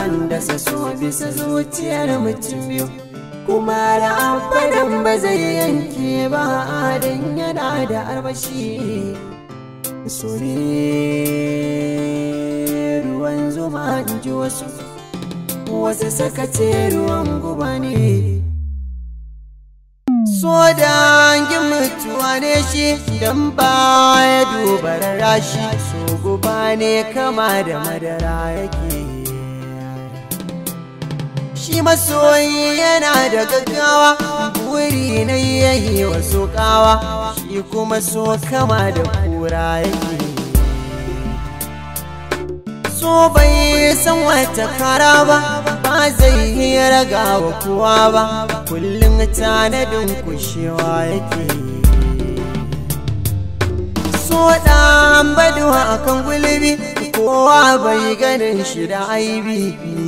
an dasa so bisa zuciyar mutum biyu kuma ra'afadan ba zai yanke ba adan yana da armashi so ne ruwan zuma in ji wasu wasu sakace ruwan guba ne so dangin mutuwa ne shi don ba ya dubar rashi so guba ne kama da madara yake shi masoyi yana da gaggawa wuri na yayi wa sokawa shi kuma so kama da kura yake so bai san wata kara ba ba zai yi ragawa kowa ba kullum tanadin kushewa yake so ɗan baduwa akan gulbi kowa bai ganin shi da aibi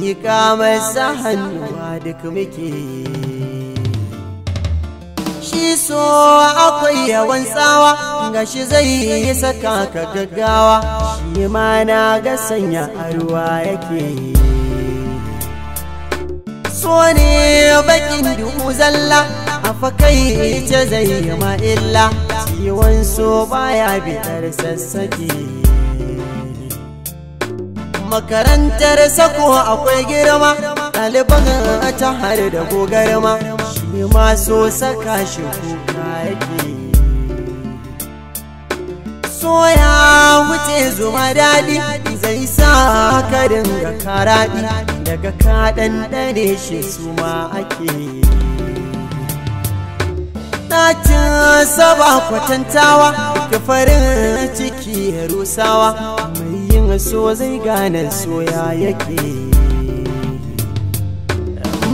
yi ka sa hannuwa duk muke shi so akwai yawan tsawa ga shi zai yi saka ka gaggawa shi ma na ga sanya arwa yake so ne bakin duhu zalla a fakai ce zai yi ma illa ciwon so baya bitar sassake makarantar sako akwai girma ɗaliban ta har da gogarma shi ma saka shi kuka yake soya wuce zuma daɗi zai sa ka dinga karaɗi daga kaɗan ɗane shi su ma ake ɗacin saba kwatantawa kafarin farin ciki rusawa so zai gane soya yake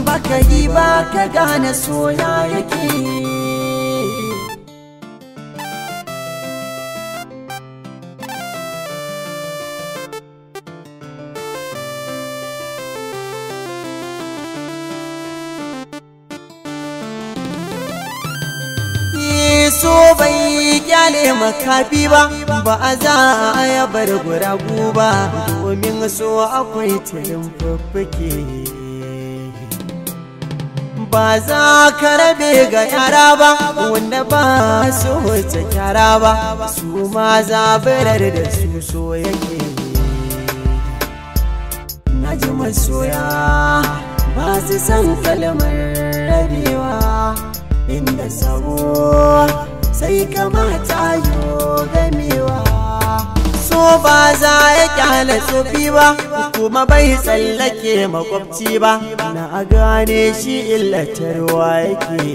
baka yi ba ka gane soya yake so bai kyale makafi ba ba a za a yabar guragu ba domin so akwai tirin fuffuke ba za ka rabe ga yara ba wanda ba so ta kyara ba su ma barar da su so yake na ji masoya ba su san kalmar rabewa inda sabo sai kamata yo gamewa so ba za ya kyale tsofi ba kuma bai tsallake makwabci ba na gane shi illatarwa yake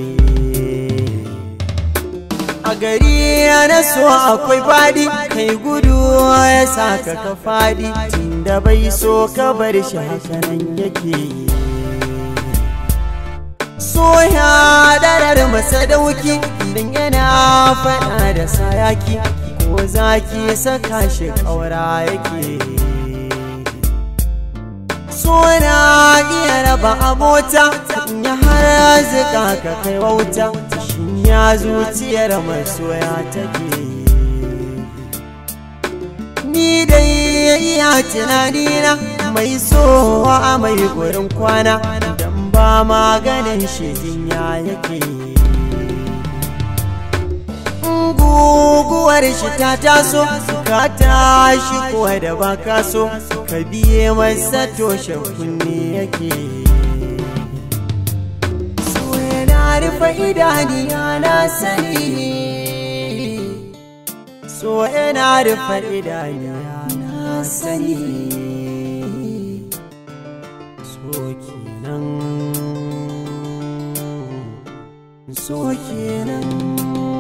a gari yana so akwai fadi kai gudu ya sa ka fadi tunda bai so ka bar shi hakanan yake so ya sadauki din yana faɗa da sayaki ko zaki saka shi kaura yake suna iya raba abota ya har zika ka kai wauta shi ya zuciyar masoya take ni dai iya tunanina mai sowa mai gurin kwana dan ba maganin shi jinya yake guguwar shi ta taso ka tashi kuwa da ba ka so ka biye masa toshe kunne yake so yana rufe idaniya na sani so yana rufe na sani so so